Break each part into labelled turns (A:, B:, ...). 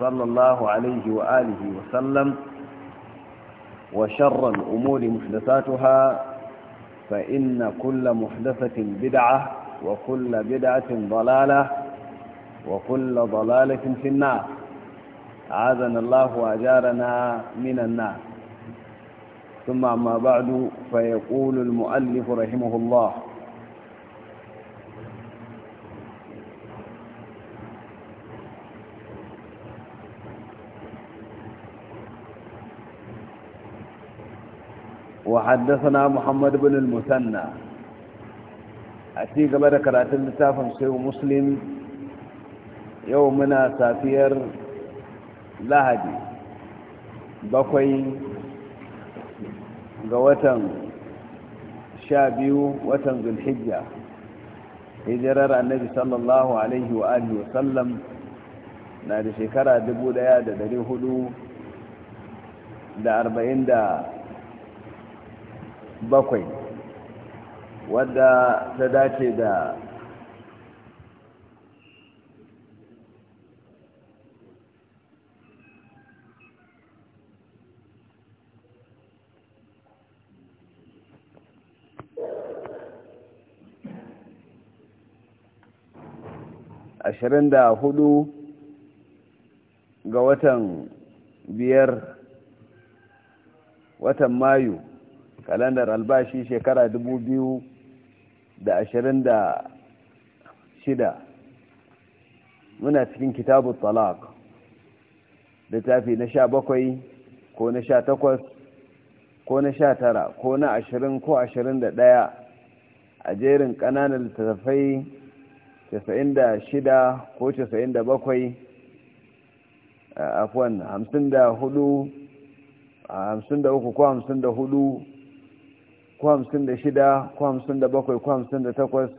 A: صلى الله عليه وآله وسلم وشر الأمور محدثاتها فإن كل محدثة بدعة وكل بدعة ضلالة وكل ضلالة في النار عاذنا الله وأجارنا من النار ثم ما بعد فيقول المؤلف رحمه الله وحدثنا محمد بن المثنى أتي قبل كرات اللتافة سيو مسلم يومنا سافير لهدي بقي قوة شابيو وتنزل الحجة hijirar annabi sallallahu alaihi wa alihi wa sallam na da shekara 1447 bakwai wadda ta dace da ashirin da hudu ga watan biyar watan mayu kalandar albashi shekara dubu biyu da da ashirin shida muna cikin kitabu talak littafi na sha bakwai ko na sha takwas ko na sha tara ko na ashirin ko ashirin da ɗaya a jerin ƙananan littattafai casa'in da shida ko casa'in da bakwai afuwan hamsin da hudu hamsin da uku ko hamsin da hudu ko hamsin da shida ko hamsin da bakwai ko hamsin da takwas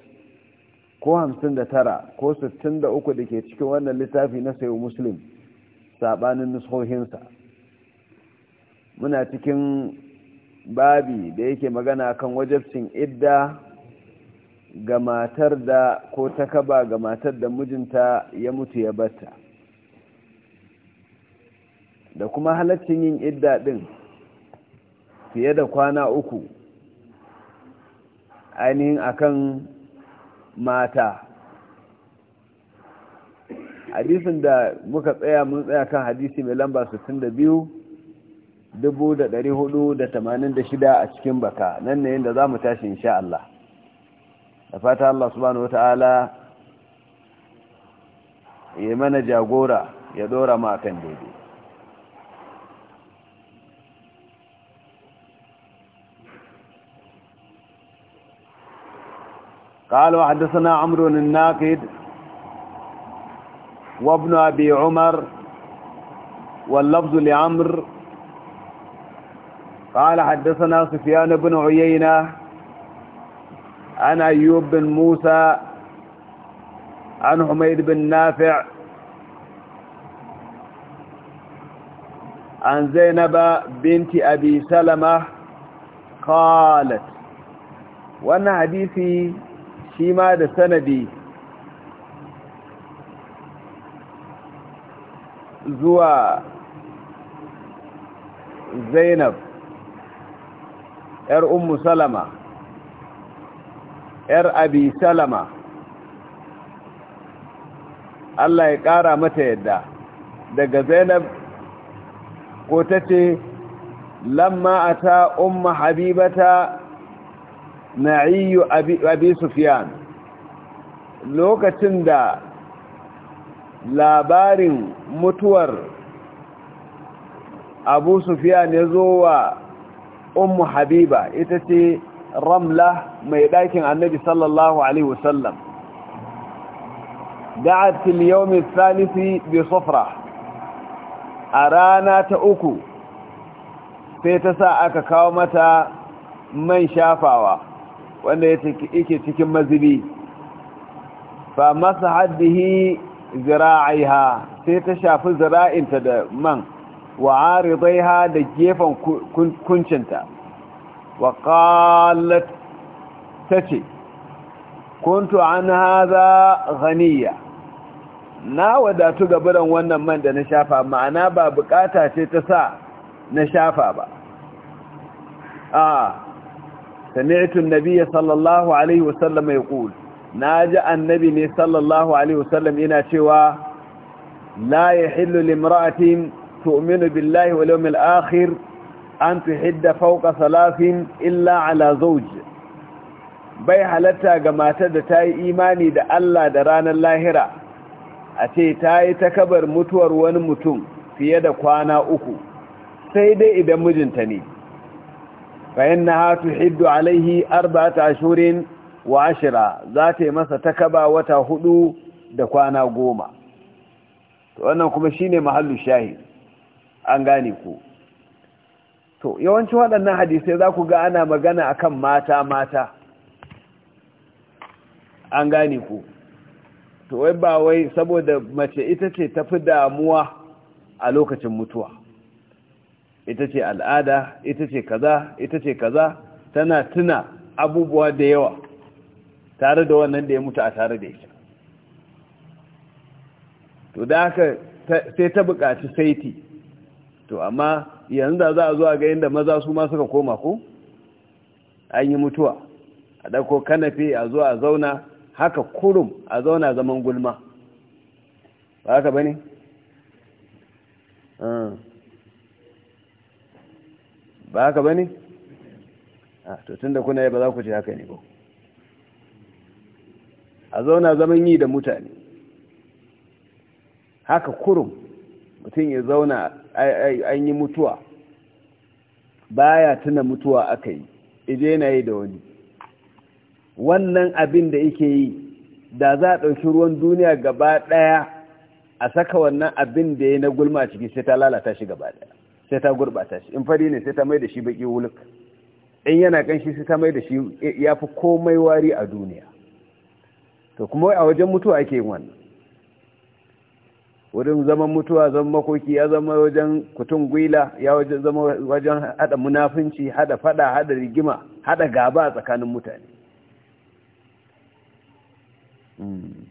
A: ko hamsin da tara ko sittin da uku da ke cikin wannan littafi na sayo muslim saɓanin nusohinsa muna cikin babi da yake magana kan wajabcin idda ga matar da ko ta kaba ga matar da mijinta ya mutu ya bata da kuma halaccin yin idda din fiye da kwana uku ainihin akan mata hadisin da muka tsaya mun tsaya kan hadisi mai lamba 62,486 shida a cikin baka nan ne da za mu tashi insha Allah da fata Allah subhanahu wata'ala ya mana jagora ya dora ma kan daidai قال وحدثنا عمرو الناقد وابن أبي عمر واللفظ لعمر قال حدثنا سفيان بن عيينة عن أيوب بن موسى عن حميد بن نافع عن زينب بنت أبي سلمة قالت وأن حديثي shi ma da sanadi zuwa zainab ‘yar ummu salama ‘yar abi salama Allah ya ƙara mata yadda daga zainab ko ta ce lamma a ta umma habibata na'iyu abi sufyan lokacin da labarin mutuwar abu sufyan ya zo wa ummu habiba ita ce ramla mai ɗakin annabi sallallahu alaihi wasallam da'at fil yawm bi sufra a rana ta uku sai ta sa aka kawo mata man shafawa wanda yake cikin mazibi fa masa haddihi zira'iha sai ta shafi zira'inta da man wa aridaiha da gefen kuncinta wa qalat tace kuntu an hadha ghaniya na wadatu gabaran wannan man da na shafa ma'ana ba bukata ce ta sa na shafa ba a ah, سمعت النبي صلى الله عليه وسلم يقول ناجا النبي صلى الله عليه وسلم إنا شوى لا يحل لامرأة تؤمن بالله واليوم الآخر أن تحد فوق ثلاث إلا على زوج bai halatta ga matar da ta yi imani da Allah da ranar lahira a ce ta yi takabar mutuwar wani mutum fiye da kwana uku sai dai idan mijinta ne فإنها تحد عليه أربعة أشهر وعشرة ذات مسا تكبا وتهدو دكوانا قوما وأنا كمشيني محل الشاهد أنغانيكو to yawanci waɗannan hadisai za ku ga ana magana akan mata mata an gane ku to wai ba wai saboda mace ita ce tafi damuwa a lokacin mutuwa ita ce al'ada ita ce kaza ita ce kaza tana tuna abubuwa da yawa tare da wannan da ya mutu a tare da ita to da haka sai ta bukaci saiti to amma yanzu da za a zuwa ga inda maza su ma suka koma ko an yi mutuwa a ɗauko kanafi a zuwa a zauna haka kurum a zauna zaman gulma ba haka ba ne? Ah. ba haka ba ne? a ah, to tun da kuna yi ba za ku ce haka ne ba a zauna zaman yi da mutane haka kurum mutum ya zauna an yi mutuwa baya tuna mutuwa aka yi ije na yi da wani wannan abin da yake yi da za a ɗauki ruwan duniya gaba ɗaya a saka wannan abin da ya na gulma ciki sai ta lalata shi gaba ɗaya sai ta gurbata shi in fari ne sai ta mai da shi baki wuluk in yana shi sai ta mai da shi ya fi komai wari a duniya to kuma a wajen mutuwa ake yin wannan wurin zaman mutuwa zan makoki ya zama wajen kutun gwila ya zama wajen hada munafunci hada fada hada rigima hada gaba a tsakanin mutane hmm.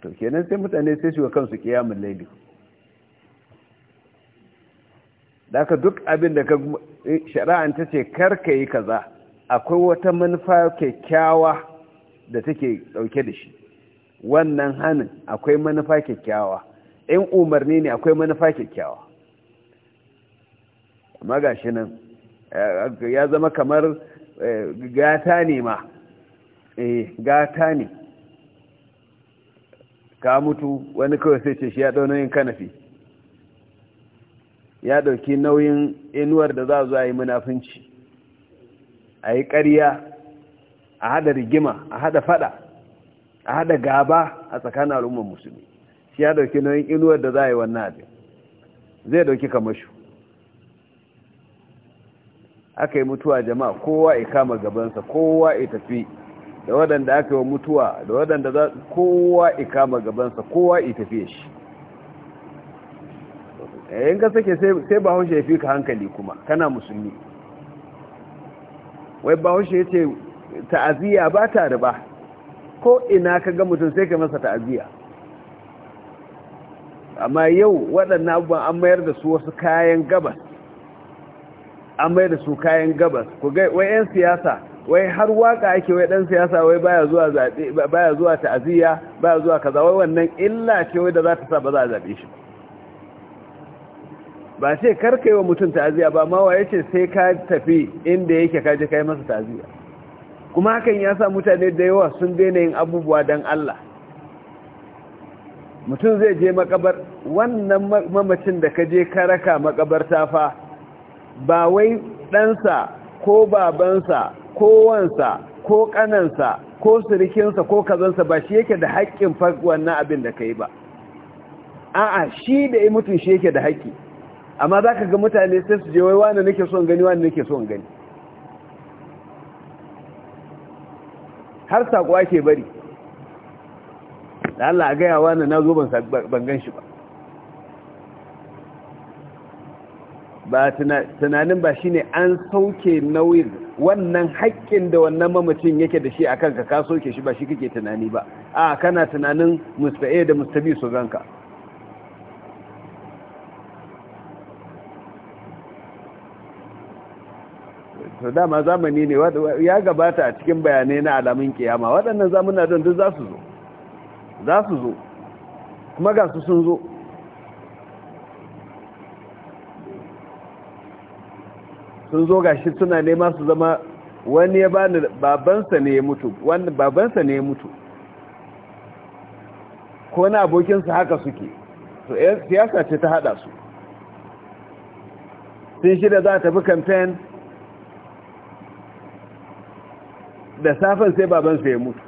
A: to kenan sai mutane sai shiga kansu kiyamun laili da duk abin da eh, shari'an ta ce karka yi kaza akwai wata manufa kyakkyawa da take dauke da shi wannan hannun akwai manufa kyakkyawa in umarni ne akwai manufa kyakkyawa amma ga shi nan eh, ya zama kamar eh, gata ne ma eh gata ne ka mutu wani kawai sai ce shi ya daunoyin kanafi ya ɗauki nauyin inuwar da za zuwa yi munafunci a yi ƙarya a haɗa rigima a haɗa faɗa a haɗa gaba a tsakanin al'ummar musulmi shi ya ɗauki nauyin inuwar da za a yi wannan abin zai ɗauki kamashu aka yi mutuwa jama'a kowa ya kama gabansa kowa ya tafi da waɗanda aka yi mutuwa da waɗanda za kowa ya kama gabansa kowa ya tafi shi yayin eh, ka sake sai bahaushe ya fi ka hankali kuma kana musulmi wai bahaushe ya ce ta'aziyya ba ta riba ko ina ka ga mutum sai ka masa ta'aziyya amma yau waɗannan abubuwan an mayar da su wasu kayan gabas an mayar da su kayan gabas ku ga wai 'yan siyasa wai har waka ake wai dan siyasa wai baya zuwa baya zuwa ta'aziyya baya zuwa kaza wai wannan illa ce wai da za ta sa ba za a zaɓe shi ba ba sai karka yi wa mutum ta'aziyya ba ma waye ce sai ka tafi inda yake ka je kai masa ta'aziyya kuma hakan ya sa mutane da yawa sun daina yin abubuwa don Allah mutum zai je makabar wannan mamacin da ka je karaka makabarta fa ba wai ɗansa ko babansa ko wansa ko ƙanansa ko sirikinsa ko kazansa ba shi yake da haƙƙin wannan abin da ka yi ba a'a shi da mutum shi yake da haƙƙi amma za ka ga mutane sai su je wai wani nake son gani wani nake son gani har saƙo ake bari da Allah a gaya wane na zo ban gan shi ba ba tunanin ba shine an sauke nauyin wannan haƙƙin da wannan mamacin yake da shi a kanka ka soke shi ba shi kake tunani ba a kana tunanin mustae da mustabi su ganka to dama zamani ne ya gabata a cikin bayanai na alamun kiyama waɗannan zamuna don duk za su zo za su zo kuma ga su sun zo sun zo gashi suna nema su zama wani ya bani babansa ne ya mutu wani babansa ne ya mutu ko na abokinsa haka suke to eh, siyasa ce ta hada su sun shida za a tafi kamfen da safen sai babansa ya mutu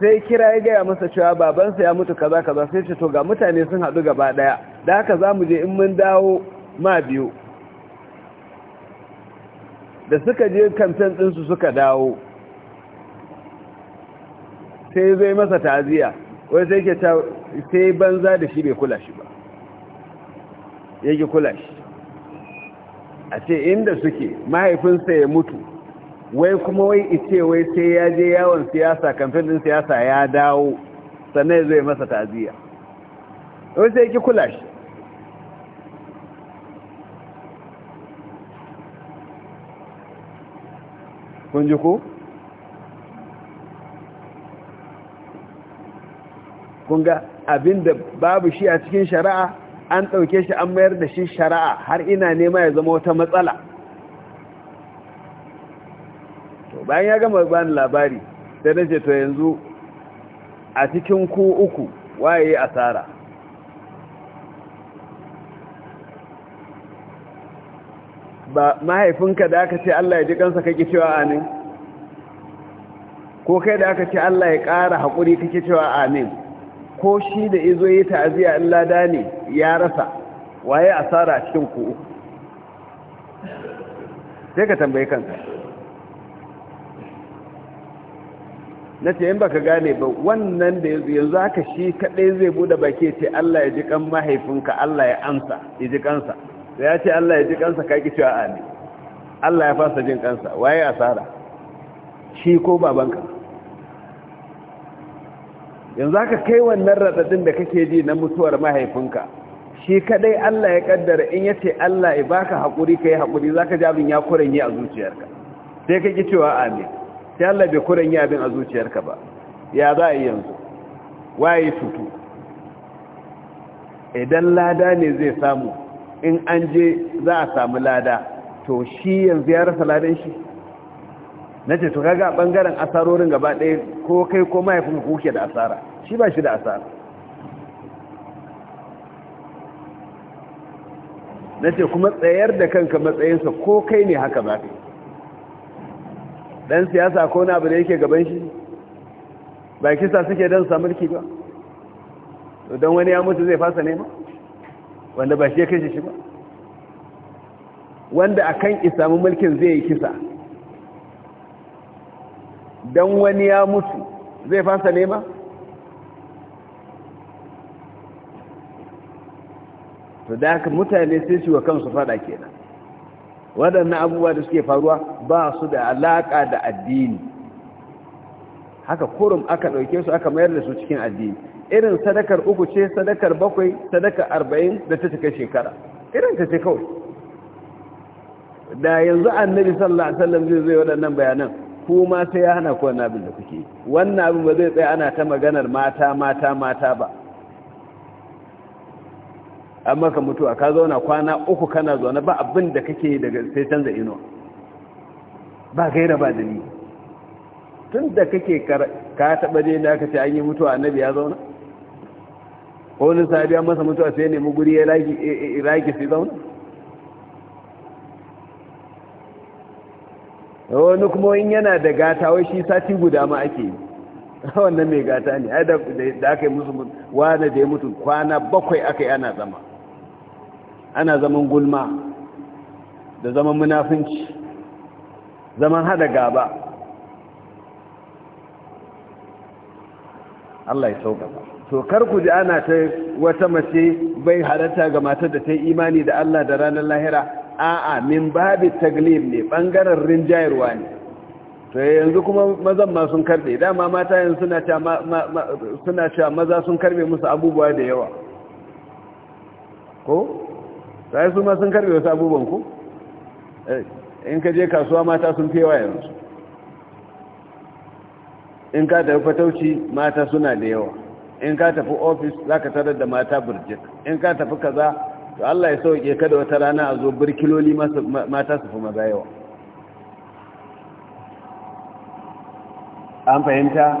A: sai kira ya gaya masa cewa babansa ya mutu kaza kaza sai ce to ga mutane sun haɗu gaba ɗaya da haka za mu je in mun dawo ma biyu da suka je kamfen ɗinsu suka dawo sai zai masa taziya wai sai ke ta sai banza da shi bai kula shi ba yake kula shi a ce inda suke mahaifinsa ya mutu wai kuma wai ice wai sai ya je yawon siyasa kamfen din siyasa ya dawo sannan zai masa taziya wai sai ki kula shi kun ji ku? kun ga abinda babu shi a cikin shari'a an ɗauke shi an mayar da shi shari'a har ina nema ya zama wata matsala to bayan ya gama bani labari sai nace to yanzu a cikin ku uku waye asara ba mahaifinka da aka ce Allah ya ji kansa kake cewa amin ko kai da aka ce Allah ya ƙara haƙuri kake cewa amin ko shi da izo yi ta'aziyya in lada ne ya rasa waye asara a cikin ku sai ka tambaye kanka na ce in ka gane ba wannan da yanzu haka shi kadai zai bude baki ce Allah ya ji kan mahaifinka Allah ya ansa ya ji kansa da ya ce Allah ya ji kansa ka ki cewa amin Allah ya fasa jin kansa waye asara shi ko babanka yanzu haka kai wannan radadin da kake ji na mutuwar mahaifinka shi kaɗai Allah ya kaddara in ya ce Allah ya baka yi haƙuri za ka ji abin ya yi a zuciyarka sai ka ki cewa amin sai Allah bai kuren yi abin a zuciyarka ba ya za a yi yanzu waye tutu idan lada ne zai samu in an je za a samu lada to shi yanzu ya rasa ladan shi na ce to kaga bangaren asarorin gaba ɗaya ko kai ko mahaifin kuke da asara shi ba shi da asara na ce kuma tsayar da kanka matsayinsa ko kai ne haka ba dan siyasa ko na abu da yake gaban shi ba kisa suke don sa mulki ba don wani ya mutu zai fasa nema wanda ba shi ya kashe shi ba wanda a kan isamu mulkin zai yi kisa don wani ya mutu zai fasa nema to da haka mutane sai shi wa kansu fada kenan waɗannan abubuwa da suke faruwa ba su da alaƙa da addini haka kurum aka ɗauke su aka mayar da su cikin addini irin sadakar uku ce sadakar bakwai sadakar arba'in da ta cika shekara irin ta ce kawai da yanzu annabi sallallahu alaihi wasallam zai zai waɗannan bayanan kuma sai ya hana ko wannan abin da kuke wannan abin ba zai tsaya ana ta maganar mata mata mata ba an maka mutuwa ka zauna kwana uku kana zaune ba abin da kake daga sai canza ino ba gaira ba dalili tun da kake ka taɓa ne da aka ce an yi mutuwa annabi ya zauna ko wani sabi an masa mutuwa sai nemi guri ya raki sai zauna wani kuma in yana da gata wai shi sati guda ma ake yi wannan mai gata ne ai da aka yi musu wane da ya mutu kwana bakwai aka yi ana zama ana zaman gulma da zaman munafunci zaman hada gaba Allah ya sauƙaƙa to kar ku ji ana ta wata mace bai halatta ga matar da ta imani da Allah da ranar lahira a'a min babi taglib ne bangaren rinjayarwa ne to yanzu kuma mazan ma sun karbe dama mata yanzu suna ta suna maza sun karbe musu abubuwa da yawa ko sai su ma sun karbe wasu abubuwan ku eh, in ka je kasuwa mata sun fewa yanzu in ka tafi fatauci mata suna da yawa in ka tafi ofis za ka tarar da mata burjik in ka tafi kaza to Allah ya sauke kada wata rana a zo birkiloli mata su fi maza yawa an fahimta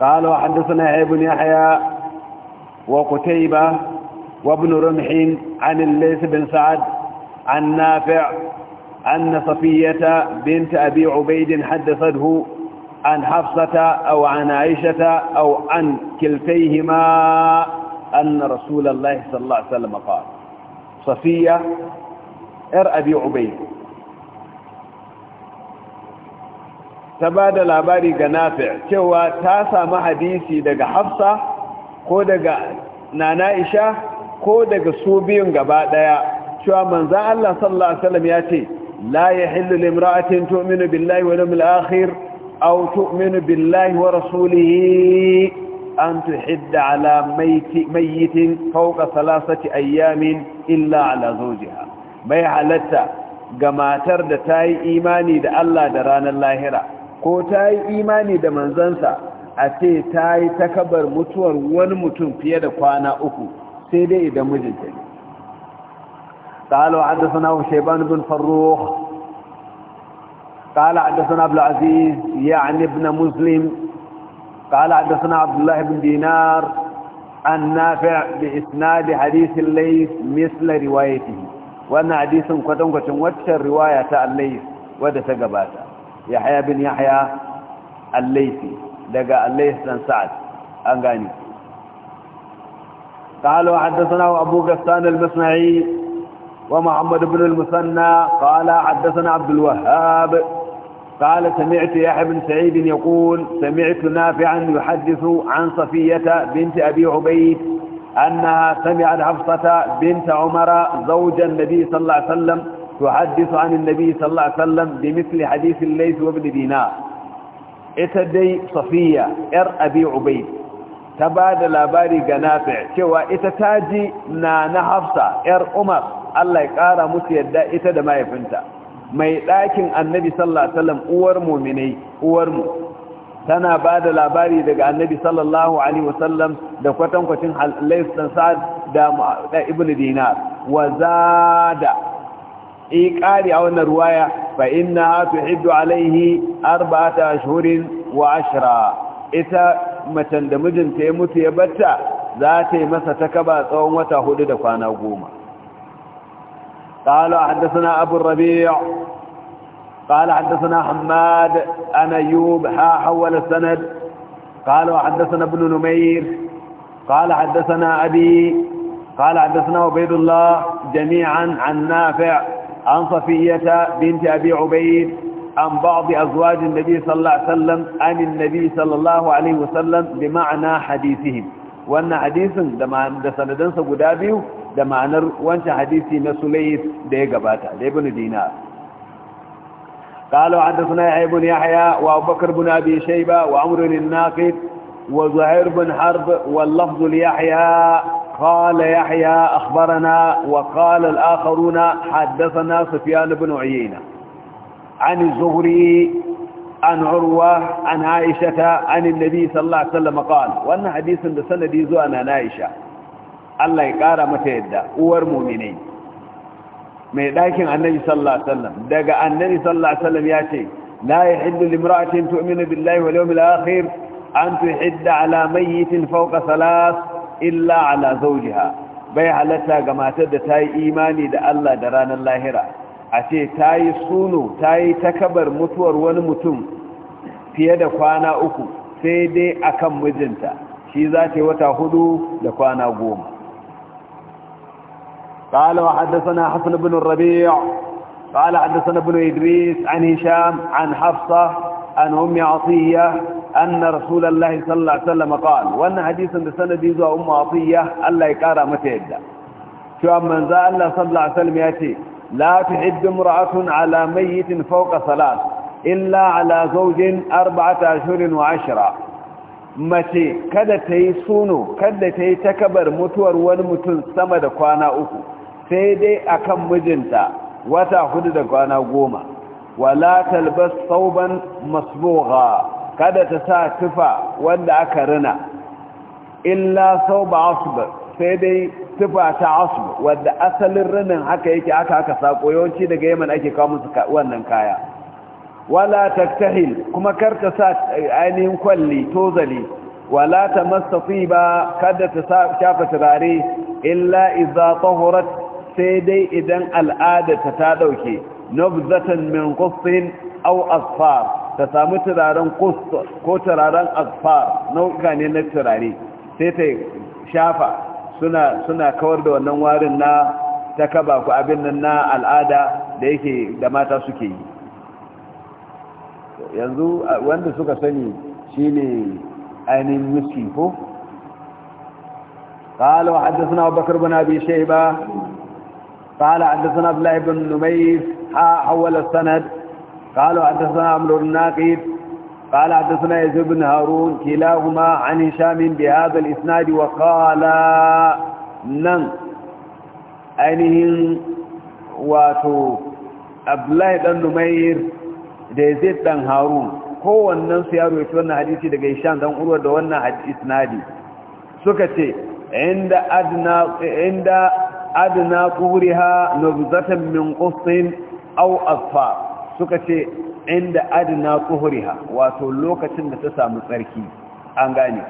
A: قال وحدثنا يحيى بن يحيى وقتيبة وابن رمح عن الليث بن سعد عن نافع أن صفية بنت أبي عبيد حدثته عن حفصة أو عن عائشة أو عن كلتيهما أن رسول الله صلى الله عليه وسلم قال صفية ار أبي عبيد ta ba da labari ga nafi cewa ta samu hadisi daga hafsa ko daga nana isha ko daga su biyun gaba daya cewa manzan Allah sallallahu Alaihi wasallam ya ce la ya hillu limra'atin tu'minu billahi wa yawmil akhir aw tu'minu billahi wa rasulihi an tuhidda ala mayyitin fawqa thalathati ayamin illa ala zawjiha bai halatta ga matar da ta yi imani da Allah da ranar lahira ko ta yi imani da manzonsa, a ce ta yi takabar mutuwar wani mutum fiye da kwana uku sai dai idan mijinta ne. Ƙalo a da suna Shaiban bin Faro, ƙala a da suna Abu Aziz, ya ani bin Muslim, ƙala a da bin Dinar, an na fi isna da hadisin lai misla riwayeti, wannan hadisin kwatankwacin waccan riwaya ta Allah wadda ta gabata. يحيى بن يحيى الليثي laythi الليث بن سعد dan قال وحدثنا قالوا حدثنا أبو غسان المصنعي ومحمد بن المثنى قال حدثنا عبد الوهاب قال سمعت يحيى بن سعيد يقول سمعت نافعا يحدث عن صفية بنت أبي عبيد أنها سمعت حفصة بنت عمر زوج النبي صلى الله عليه وسلم تحدث عن النبي صلى الله عليه وسلم بمثل حديث الليث وابن دينار اتدي labari ار ابي عبيد تبادى لاباري قنافع شوى اتتاجي نانا حفصة ار امر الله musu yadda ita da mahaifinta mai ɗakin annabi sallallahu alaihi wasallam uwar muminai uwarmu tana ba da labari daga annabi sallallahu alaihi wasallam da kwatankwacin halais dan da ibn dinar wa zada إيقالي أو أن الرواية فإنها تحد عليه أربعة أشهر وعشرة إذا مثلا دمجن تيموت يبتا ذاتي مسا تكبى صوم تهدد فانا قوما قالوا حدثنا أبو الربيع قال حدثنا حماد أنا أيوب ها حول السند قال حدثنا ابن نمير قال حدثنا أبي قال حدثنا عبيد الله جميعا عن نافع عن صفية بنت أبي عبيد عن بعض أزواج النبي صلى الله عليه وسلم عن النبي صلى الله عليه وسلم بمعنى حديثهم وأن حديث ده سندن سقدابيو لما معنى وانت حديثي نسليس ده قباتا ده بن دينار قالوا حدثنا يحيى بن يحيى وابو بكر بن أبي شيبة وعمر الناقد وزهير بن حرب واللفظ ليحيى قال يحيى أخبرنا وقال الآخرون حدثنا سفيان بن عيينة عن الزهري عن عروة عن عائشة عن النبي صلى الله عليه وسلم قال وأن حديث بسنة ديزو أنا نائشة الله يقار متعدة أور مؤمنين عن النبي صلى الله عليه وسلم دقى النبي صلى الله عليه وسلم يأتي لا يحد لامرأة تؤمن بالله واليوم الآخر أن تحد على ميت فوق ثلاث illa ala zaujiha bai halatta ga matar da tayi imani da Allah da ranar lahira a ce ta yi suno ta yi takabar mutuwar wani mutum fiye da kwana uku sai dai akan mijinta shi za ta yi wata hudu da kwana goma قال وحدثنا حسن بن الربيع قال حدثنا ابن إدريس عن هشام عن حفصة عن أم عطية أن رسول الله صلى الله عليه وسلم قال وأن حديث بسند يزوى أم عطية الله يقارى متى يدى شو من ذا الله صلى الله عليه وسلم يأتي لا تحد امرأة على ميت فوق ثلاث إلا على زوج أربعة أشهر وعشرة mace kada ta yi suno kada ta yi takabar mutuwar wani mutum sama da kwana uku sai dai akan mijinta wata hudu da kwana goma wala talbas sauban masbogha kada ta sa tufa wanda aka rina illa sau ba asibir sai dai tufa ta asibir wadda asalin rinin haka yake aka aka sako yawanci daga yaman ake kawo musu wannan kaya wala taktahil kuma kar ta sa eh, ainihin kwalli tozali wala ta mastafi ba kada ta shafa turare illa iza tahurat sai dai idan al'adarta ta ɗauke nubzatan min qussin au asfar ta samu turaren ko turaren asfar nau'uka ne na turare sai ta shafa suna suna kawar da wannan warin na ta kaba ku abin nan na al'ada da yake da mata suke yi yanzu wanda suka sani shine ainihin miski ko قال وحدثنا أبو بكر بن أبي شيبة قال حدثنا عبد الله بن نميس حول السند قالوا حدثنا عمرو الناقد قال حدثنا يزيد بن هارون كلاهما عن هشام بهذا الاسناد وقال نن ainihin wato abdullahi dan numair da yazid dan harun kowannen su ya rawaito wannan hadisi daga hisham dan da wannan hadisi isnadi suka ce inda adna inda adna quriha nubzatan min qussin aw asfar suka ce inda adina kuhuriha wato lokacin da ta samu tsarki an gane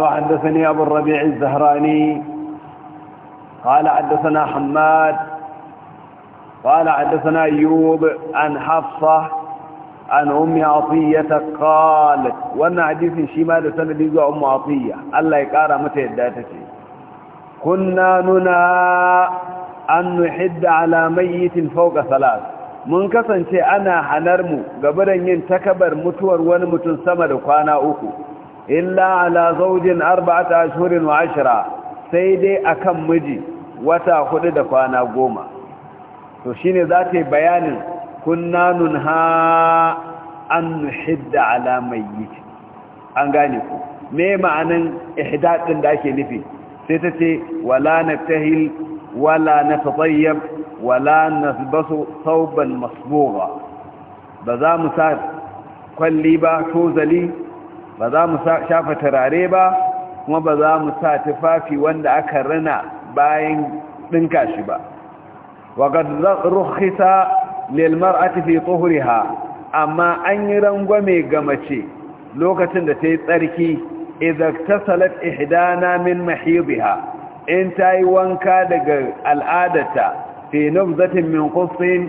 A: وحدثني أبو الربيع الزهراني قال حدثنا حماد قال حدثنا أيوب عن حفصة عن أم عطية قالت وأن حديث شمال سند أم عطية الله يقارى متى يداتتي كنا ننا أن نحد على ميت فوق ثلاث mun kasance ana hanar mu gabaran yin takabar mutuwar wani mutum sama da kwana uku illa ala zaujin arba'ata ashurin wa ashira, sai dai akan miji wata hudu da kwana goma to shine za ta yi bayanin kunna ha an nuhidda ala mayyit an gane ku me ma'anin ihdadin da ake nufi sai ta ce wala na naftahil wala na natatayyab wala na nasbasu masu masbugha ba za mu sa kwalli ba ko zali ba za mu shafa turare ba kuma ba za mu sa tufafi wanda aka rana bayan ɗinka shi ba waƙad rukhisa lil mar'ati fi tuhriha amma an yi rangwame ga mace lokacin da ta yi tsarki idza tasalat ihdana min mahidha in ta yi wanka daga al'adata fi nufzatin min kusin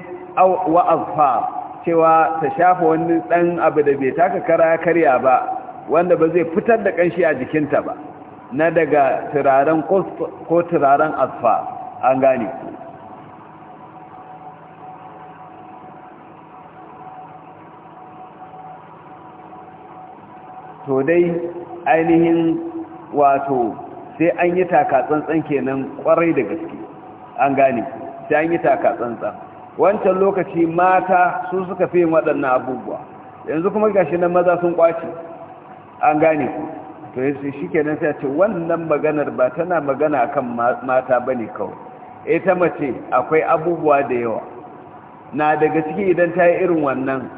A: wa azfar cewa ta shafa wani ɗan abu da bai taka kara karya ba wanda ba zai fitar da kanshi a jikinta ba na daga turaren ko turaren asfa an gane ku to dai ainihin wato sai an yi takatsantsan kenan kwarai da gaske an gane sai an yi takatsantsan wancan lokaci mata su suka fi waɗannan abubuwa yanzu kuma gashi nan maza sun kwace an gane to yace kenan sai ce wannan maganar ba tana magana akan mata bane kawai ta mace akwai abubuwa da yawa na daga ciki idan ta yi irin wannan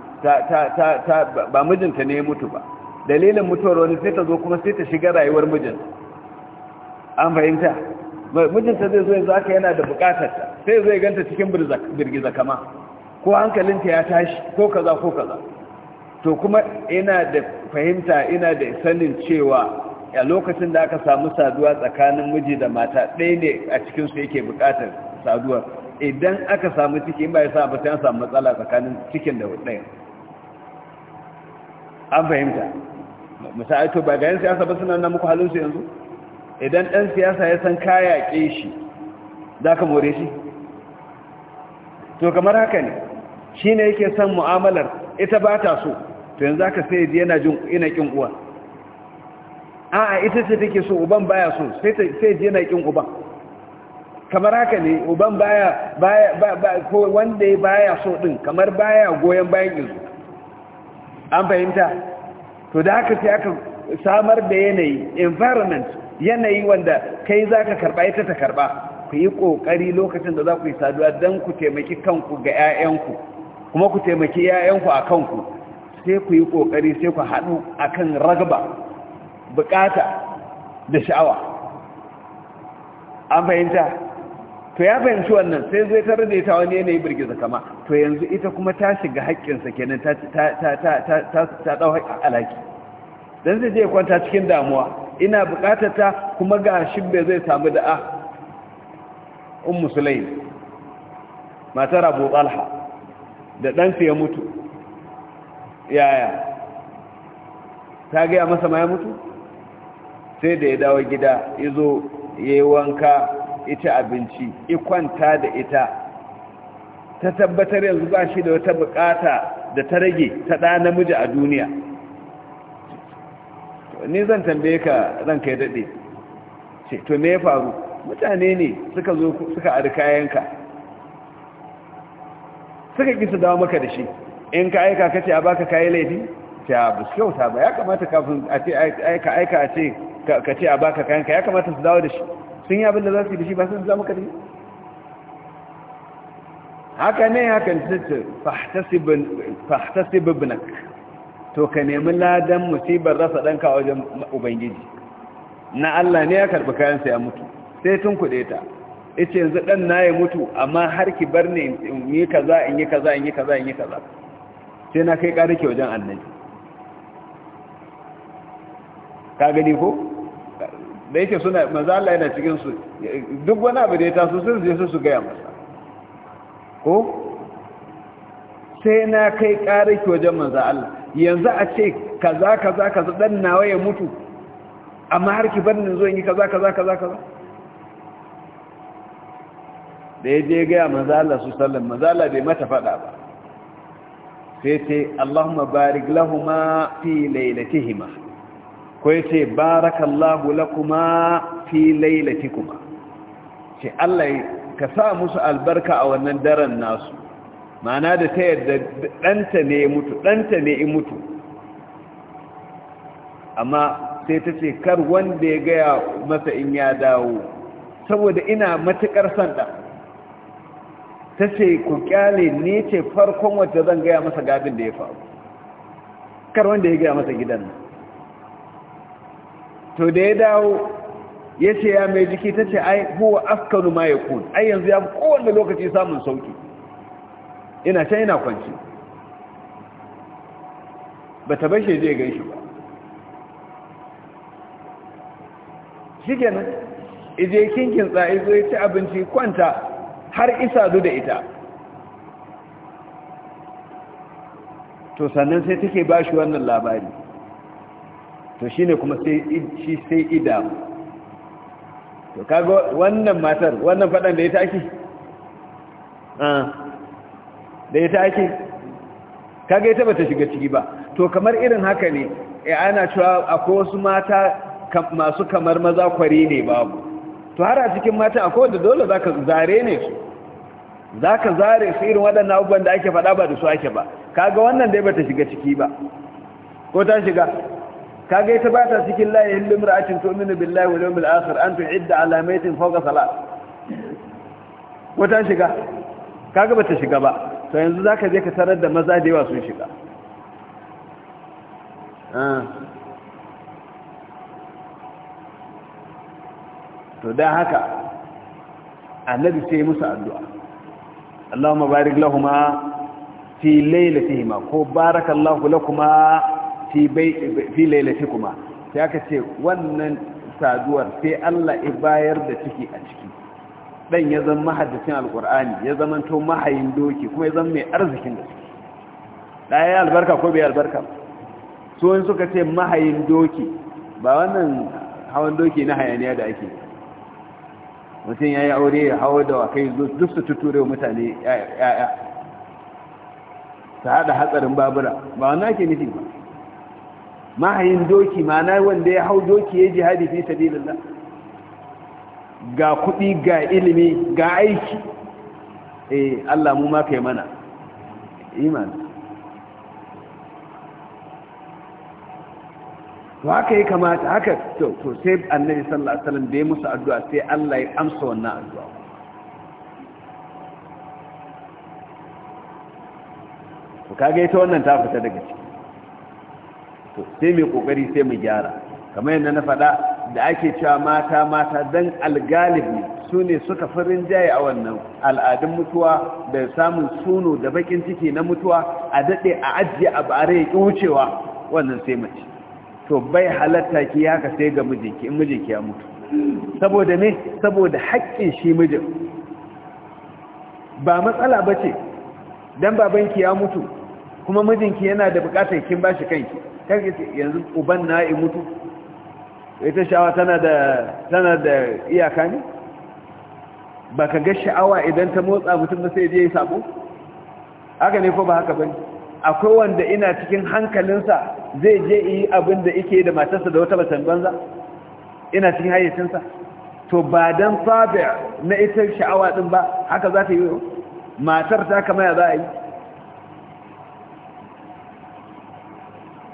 A: ba mijinta ne ya mutu ba dalilin mutuwar wani sai ta zo kuma sai ta shiga rayuwar mijin an fahimta mijinta zai zo yanzu aka yana da bukatarta sai zai ganta cikin birgiza kama ko hankalinta ya tashi ko kaza ko kaza to kuma ina da fahimta ina da sanin cewa a lokacin da aka samu saduwa tsakanin miji da mata ɗaya ne a cikinsu yake buƙatar saduwa idan aka samu ciki ba ya sa ba sai samu matsala tsakanin cikin da ɗaya an fahimta misali to ba ga yan siyasa ba suna nan muku halinsu yanzu idan ɗan siyasa ya san kaya ke shi za ka more shi to kamar haka ne shi ne yake son mu'amalar ita ba ta so to yanzu aka sai ji yana jin ina kin uwa a'a ita ce take so uban baya so sai sai ji yana kin uban kamar haka ne uban baya baya ko wanda ya baya so din kamar baya goyen bayan izu an fahimta to da haka sai aka samar da yanayi environment yanayi wanda kai zaka karba ita ta karba ku yi ƙoƙari lokacin da za ku yi saduwa don ku taimaki kanku ga 'ya'yanku kuma ku taimaki 'ya'yanku a kanku sai ku yi ƙoƙari sai ku haɗu a kan ragaba buƙata da sha'awa an fahimta to ya fahimci wannan sai zai tarar da ita wani yanayi birgiza kama to yanzu ita kuma ta shiga haƙƙinsa kenan ta ɗau alaƙi don zai je kwanta cikin damuwa ina buƙatar ta kuma ga shibbe zai samu da un musulai matar abu tsalha da ɗansu ya mutu yaya ta gaya masa ma mutu sai da ya dawo gida ya zo ya yi wanka ita abinci ikwanta da ita ta tabbatar yanzu ba shi da wata bukata da ta rage ta ɗa namiji a duniya ni zan tambaye ka ranka ya daɗe ce to me ya faru mutane ne suka zo suka arkayanka suka ƙi dawo maka da shi in ka aika kace a baka kayi laifi ta bu kyauta ba ya kamata kafin a ce aika aika a ce ka ce a baka kayan ka ya kamata su dawo da shi sun yi abin da za su yi da shi ba sun mu kadai haka ne hakan tace fahtasib ibnak to ka nemi ladan musibar rasa dan a wajen ubangiji na Allah ne ya karbi kayan sa ya mutu sai tun kuɗe ta yace yanzu dan na ya mutu amma har ki bar ni in yi kaza in yi kaza in yi kaza in yi kaza sai na kai ƙara ke wajen annabi ka gani ko da yake suna maza Allah yana cikin su duk wani abu da ya taso sun zai su su gaya masa ko sai na kai ƙara ke wajen maza Allah yanzu a ce kaza kaza kaza dan nawa ya mutu amma har ki bar ni zo yi kaza kaza kaza za da ya je gaya maza Allah su sallan maza Allah bai mata faɗa ba sai ce Allahumma barik lahuma fi lailatihima ko yace barakallahu lakuma fi lailatikuma Sai Allah ka sa musu albarka a wannan daren nasu ma'ana da ta yadda danta ne mutu danta ne ya mutu amma sai ta ce kar wanda ya gaya masa in ya dawo saboda ina matukar san ɗan ta ce ku kyale ne ce farkon wacce zan gaya masa gabin da ya faru kar wanda ya gaya masa gidan to da ya dawo ya ce ya mai jiki ta ce ai huwa askanu ma ya kun ai yanzu ya fi kowane lokaci samun sauki ina can yana kwanci ba ta bashe zai gan shi ba shi kenan ije kinkin tsaye zai ya ci abinci kwanta har isa du da ita to sannan sai take ba shi wannan labari to shi ne kuma sai ida, to kaga wannan matar wannan fadan da ya taki ah. da ya taki kaga ya taba ta shiga ciki ba to kamar irin haka ne eh, ana cewa akwai wasu mata masu kamar maza kwari ne babu to har a cikin mata akwai wanda dole za ka zare ne su za ka zare su irin waɗannan abubuwan da ake faɗa ba da su ake ba kaga wannan dai ba ta shiga ciki ba ko ta shiga kaga ita ba ta cikin layi hillun ra'acin tu'minu billahi wa yawmil Asir, an idda alamaitin fawqa salat ko ta shiga kaga ba ta shiga ba to yanzu za ka je ka tarar da maza da yawa sun shiga ah. to da haka annabi sai musu addu'a Allahumma barik lahumma fi lailatihima ko barakallahu lakuma fi fi lailatikuma sai aka ce wannan saduwar sai Allah ya bayar da ciki a ciki dan ya zama hadisin alqur'ani ya zama to mahayin doki kuma ya zama mai arzikin da ciki daya albarka ko bai albarka so in suka ce mahayin doki ba wannan hawan doki na hayaniya da ake mutum ya yi aure ya hawa da wakai duk su tuture mutane ya'ya ta haɗa hatsarin babura ba wani ake nufi ba mahayin doki mana wanda ya hau doki ya jihadi fi lalla. ga kuɗi ga ilimi ga aiki eh Allah mu ma kai mana imanu to haka ya kamata haka to sai annabi sallallahu alaihi wasallam da ya musu addu'a sai Allah ya amsa wannan addu'a to kage ita wannan ta fita daga ciki to sai mai kokari sai mu gyara kamar yadda na faɗa da ake cewa mata mata dan algalibi su ne suka farin jaye a wannan al'adun mutuwa da samun suno da bakin ciki na mutuwa a daɗe a ajiye a bare ya ƙi wucewa wannan sai mace to bai halatta ki ya ka sai ga mijinki in mijinki ya mutu saboda ne saboda haƙƙin shi mijin ba matsala bace ce don babanki ya mutu kuma mijinki yana da buƙatar kin ba shi kanki karki yanzu uban na ya mutu ita sha'awa tana da tana da iyaka ne ba ka ga sha'awa idan ta motsa mutum na sai je ya sabo haka ne ko ba haka bane akwai wanda ina cikin hankalinsa zai je yi abin da ike da matarsa da wata macen banza ina cikin hayyacinsa to ba don fabia na ita sha'awa din ba haka za ta yi matar ta kama ya za a yi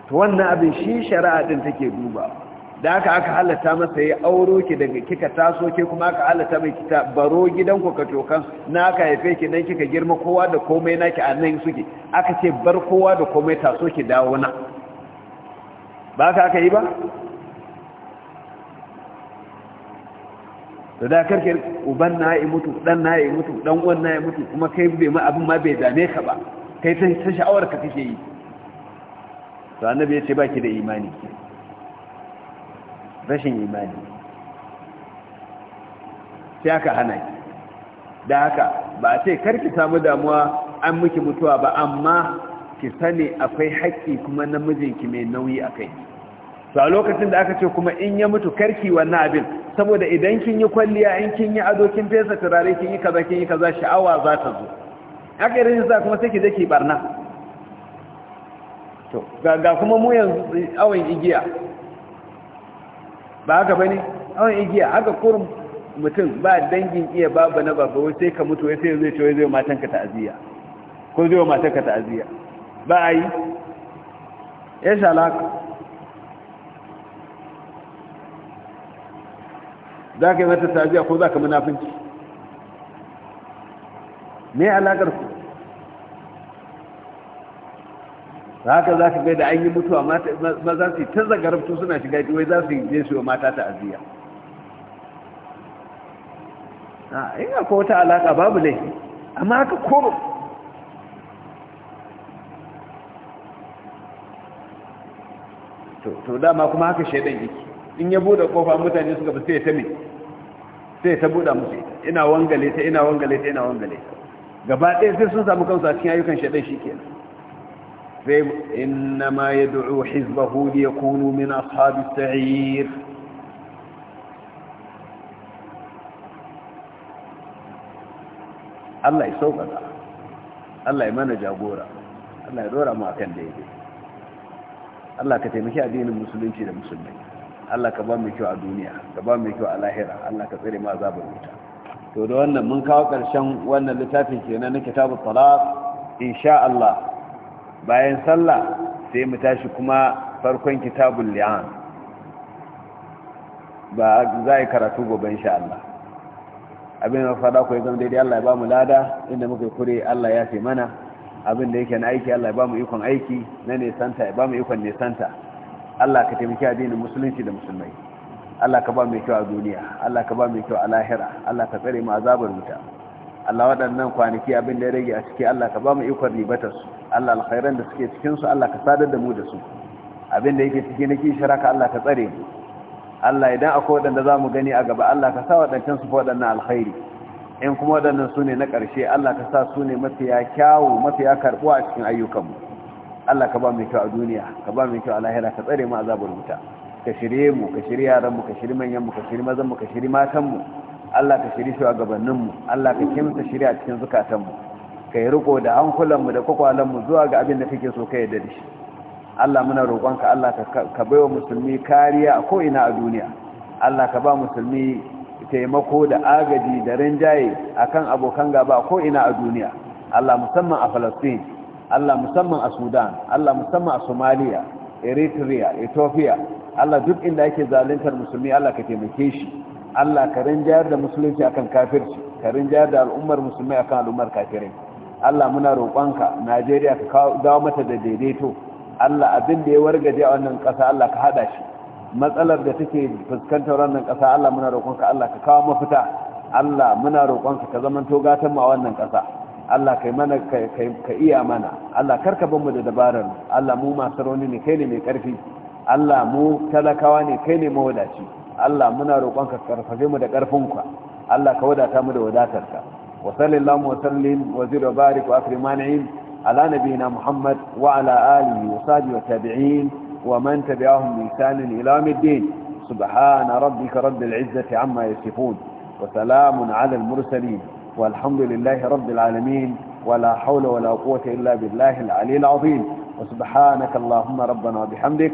A: to wannan abin shi shari'a ɗin take duba da aka aka halatta masa ya auro ki daga kika taso ke kuma aka halatta mai kita baro gidanku ka tokan na aka haife ki nan kika girma kowa da komai naki a nan suke aka ce bar kowa da komai taso ki dawo na ba ka aka yi ba da da karkar uban na ya mutu dan na yi mutu dan uwan na yi mutu kuma kai bai ma abin ma bai dame ka ba kai ta sha'awar ka kake yi to annabi ya ce baki da imani rashin imani sai aka hana ki da haka ba a ce karki samu damuwa an miki mutuwa ba amma ki sani akwai haƙƙi kuma namijinki mai nauyi a kai a lokacin da aka ce kuma in ya mutu karki wannan abin saboda idan kin yi kwalliya in kin yi ado kin fesa turare kin yi kaza kin yi kaza sha'awa za ta zo aka yi sa kuma sai ki je ki barna to ga kuma mu yanzu awon igiya ba haka bane awon igiya haka kurum mutum ba dangin iya babu na babu wai sai ka mutu wai sai zai ci, wai zai matanka ta'aziyya ko zai matanka ta'aziyya ba a yi ya shalaka za ka yi mata ta'aziyya ko za ka munafinci me alaƙar ku haka za ka da an yi mutuwa maza su ta zagarabtu suna shiga wai za su je su mata ta aziya a ina ko wata alaka babu ne amma haka koro to dama kuma haka shaidan yake in ya buɗe kofa mutane suka fi sai ta mai sai ta buɗa musu ita ina wangale ta ina wangale ta ina wangale ta gaba ɗaya sai sun samu kansu a cikin ayyukan shaidan shi kenan إنما يدعو حزبه ليكونوا من أصحاب السعير الله يسوق الله يمنع جابورا الله يدور ما كان دي دي. الله كتمشي دين المسلمين في المسلمين الله كبام على الدنيا كبام على الاهرة الله كتير ما زاب الوطا تقولوا أن من كاوكر شن وأن اللي تافي كنا كتاب الطلاق إن شاء الله bayan sallah sai mu tashi kuma farkon kitabun li'an ba za a yi karatu gobe insha Allah abin da fada ku zama daidai Allah ya ba mu lada inda muka kure Allah ya fi mana abin da yake na aiki Allah ya ba mu ikon aiki na nesanta ya ba mu ikon nesanta Allah ka taimaki addinin musulunci da musulmai Allah ka ba mu kyau a duniya Allah ka ba mu kyau a lahira Allah ka tsare mu azabar wuta Allah waɗannan kwanaki abin da ya rage a ciki Allah ka ba mu ikon ribatar su Allah alkhairan da suke cikin su Allah ka sadar da mu da su abin da yake ciki na kishira ka Allah ka tsare mu Allah idan akwai waɗanda za mu gani a gaba Allah ka sa waɗancan su waɗannan alkhairi in kuma waɗannan su ne na ƙarshe Allah ka sa su ne mafiya kyawu mafiya karɓo a cikin ayyukanmu Allah ka ba mu kyau a duniya ka ba mu kyau a lahira ka tsare mu azabar wuta ka shirye mu ka shirye yaran mu ka shirye manyan mu ka shirye mazan mu ka shirye matan mu Allah ka shiri shi a gabaninmu Allah ka kimsa shiri a cikin zukatanmu ka yi riko da hankulanmu da kwakwalanmu zuwa ga abin da kake so ka yarda da shi Allah muna roƙonka Allah ka baiwa musulmi kariya a ko'ina a duniya Allah ka ba musulmi taimako da agaji da rinjaye kan abokan gaba a ko'ina a duniya Allah musamman a falasɗin Allah musamman a Sudan Allah musamman a Somalia Eritrea Ethiopia Allah duk inda yake zaluntar musulmi Allah ka taimake shi Allah ka rinjayar da musulunci akan kafirci ka rinjayar da al'ummar musulmai akan al'ummar kafirai Allah muna roƙonka Najeriya ka dawo mata da daidaito Allah abin da ya wargaje a wannan ƙasa Allah ka hada shi matsalar da take fuskantar wannan ƙasa Allah muna roƙonka Allah ka kawo mafita Allah muna roƙonka ka zamanto gatan mu a wannan ƙasa Allah kai mana ka iya mana Allah karka ban mu da dabarar Allah mu masu rauni ne kai ne mai ƙarfi. Allah mu talakawa ne kai ne mawadaci Allah muna roƙonka karfafe mu da ƙarfinka Allah ka wadata mu da wadatarka wa sallallahu wa sallim wa zid wa barik wa akrim an'im ala nabiyyina Muhammad wa ala alihi wa sahbihi wa tabi'in wa man tabi'ahum bi ihsan ila yawmiddin subhana rabbika rabbil izzati amma yasifun wa salamun ala al mursalin walhamdulillahi rabbil alamin ولا حول ولا قوة إلا بالله العلي العظيم وسبحانك اللهم ربنا وبحمدك